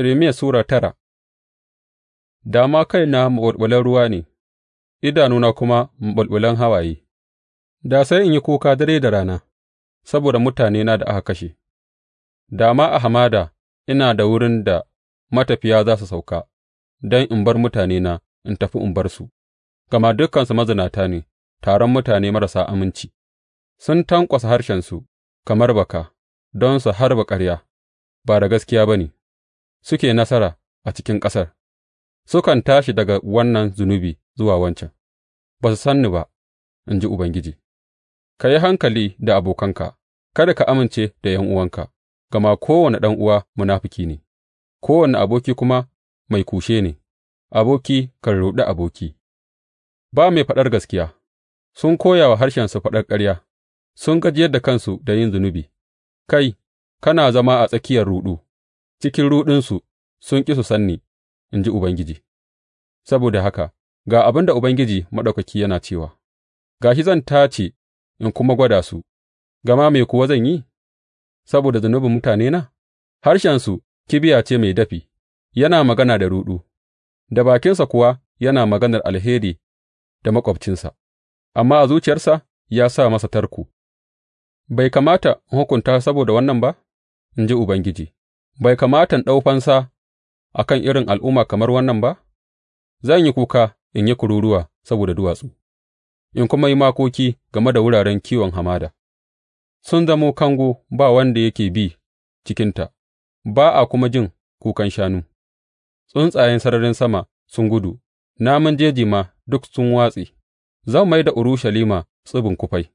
Irmiya Sura tara Da ma kaina maɓulɓulan ruwa ne, idanuna kuma maɓulɓulan hawaye, da sai in yi kuka dare da rana saboda mutanena da aka kashe, da ma a hamada ina da wurin da matafiya za su sauka, don in bar mutanena in tafi in bar su, gama dukansu mazinata ne, taron mutane marasa aminci, sun tanƙwasa harshensu kamar baka don su harba ƙarya, ba da gaskiya ba ne. suke nasara a cikin ƙasar, sukan tashi daga wannan zunubi zuwa wancan, ba su san ni ba, in ji Ubangiji. Ka yi hankali da abokanka, kada ka amince da ’yan'uwanka, gama kowane ɗan'uwa munafuki ne, kowane aboki kuma mai kushe ne, aboki kan ruɗi aboki, ba mai faɗar gaskiya, sun koya wa harshensu faɗar ƙarya, sun gajiyar da kansu da yin zunubi, kai, kana zama a tsakiyar ruɗu. cikin ruɗunsu sun ƙi su san ni, in ji Ubangiji, saboda haka ga abin da Ubangiji Maɗaukaki yana cewa, Ga shi zan tace in kuma gwada su, gama me kuwa zan yi, saboda zunubin mutanena? Harshensu kibiya ce mai dafi, yana magana da ruɗu, da bakinsa kuwa yana maganar alheri da maƙwabcinsa, amma a zuciyarsa ya sa masa tarku. Bai kamata in hukunta saboda wannan ba, in ji Ubangiji. Bai kamata in ɗau fansa a kan irin al'umma kamar wannan ba? Zan yi kuka in yi kururuwa saboda duwatsu in kuma yi makoki game da wuraren kiwon hamada; sun zamo kango ba wanda yake bi cikinta, ba a kuma jin kukan shanu, tsuntsayen sararin sama sun gudu, namun jeji ma duk sun watse, zan mai da Urushalima tsibin kufai,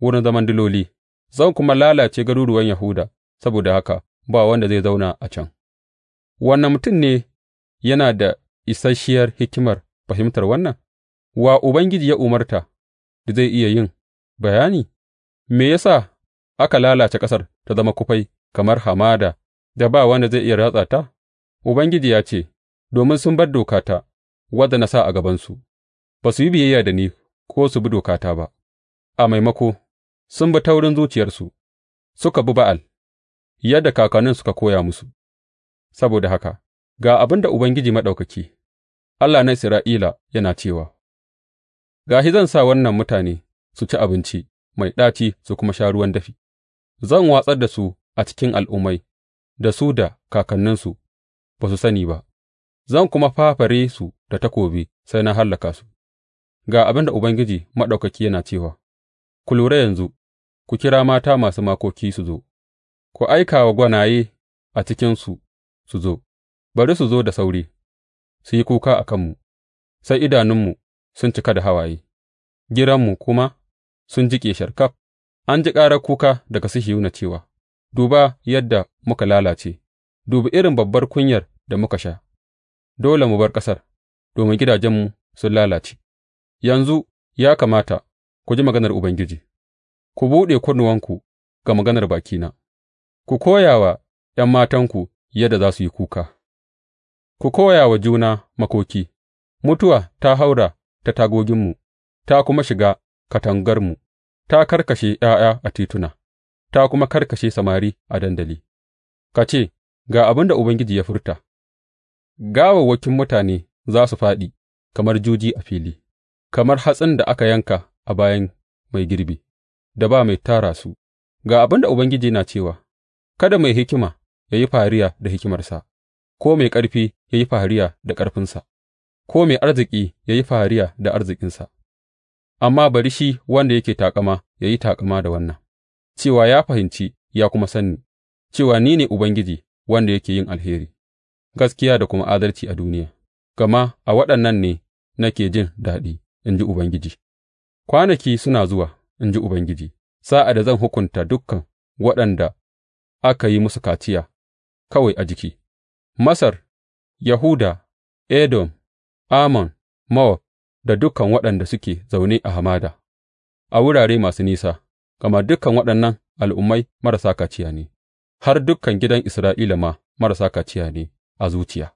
wurin zaman diloli, zan kuma lalace garuruwan Yahuda, saboda haka ba wanda zai zauna a can. Wannan mutum ne yana da isasshiyar hikimar fahimtar wannan? Wa Ubangiji ya umarta da zai iya yin bayani? Me ya sa aka lalace ƙasar ta zama kufai kamar hamada da ba wanda zai iya ratsa ta? Ubangiji ya ce, Domin sun bar dokata, wadda na sa a gabansu, ba su yi biyayya da ni ko su bi dokata ba, a maimako, sun bi taurin zuciyarsu, suka bi Ba'al. yadda kakanninsu suka koya musu, saboda haka ga abin da Ubangiji Maɗaukaki, Allah na Isra'ila yana cewa, Ga shi zan sa wannan mutane su ci abinci mai ɗaci su kuma sha ruwan dafi, zan watsar da su a cikin al'ummai da su da kakanninsu ba su sani ba, zan kuma fafare su da takobi sai na hallaka su. Ga abin da Ubangiji Maɗaukaki yana cewa, Ku lura yanzu, ku kira mata masu makoki su zo. Ku aika wa gwanaye a cikinsu su zo; bari su zo da sauri su yi kuka a kanmu, sai idanunmu sun cika da hawaye giranmu kuma sun jiƙe sharkaf; an ji ƙarar kuka daga Sihiyona cewa, Duba yadda muka lalace, dubi irin babbar kunyar da muka sha; dole mu bar ƙasar, domin gidajenmu sun lalace.’ Yanzu ya kamata ku ji maganar Ubangiji; ku buɗe kunnuwanku ga maganar bakina. Ku koya wa ’yan matanku yadda za su yi kuka, ku koya wa juna makoki; mutuwa ta haura ta tagoginmu ta kuma shiga katangarmu; ta karkashe ’ya'ya a tituna ta kuma karkashe samari a dandali, ka ce, Ga abin da Ubangiji ya furta, Gawawwakin mutane za su fāɗi kamar juji a fili, kamar hatsin da aka yanka a bayan mai girbi da ba mai tara su; ga abin da Ubangiji yana cewa. Kada mai hikima ya yi fariya da hikimarsa, ko mai ƙarfi ya yi fariya da ƙarfinsa, ko mai arziki ya yi fariya da arzikinsa, amma bari shi wanda yake taƙama ya yi taƙama da wannan, cewa ya fahimci ya kuma sanni. cewa ni ne Ubangiji wanda yake yin alheri, gaskiya da kuma adalci a duniya, gama a waɗannan ne nake jin daɗi, in ji Ubangiji. Kwanaki suna zuwa, in ji Ubangiji, sa'ad da zan hukunta dukkan waɗanda aka yi musu kaciya kawai a jiki, Masar, Yahuda, Edom, Amon, Mawab da dukan waɗanda suke zaune a hamada, a wurare masu nisa, gama dukan waɗannan al'ummai marasa kaciya ne, har dukan gidan Isra'ila ma marasa kaciya ne a zuciya.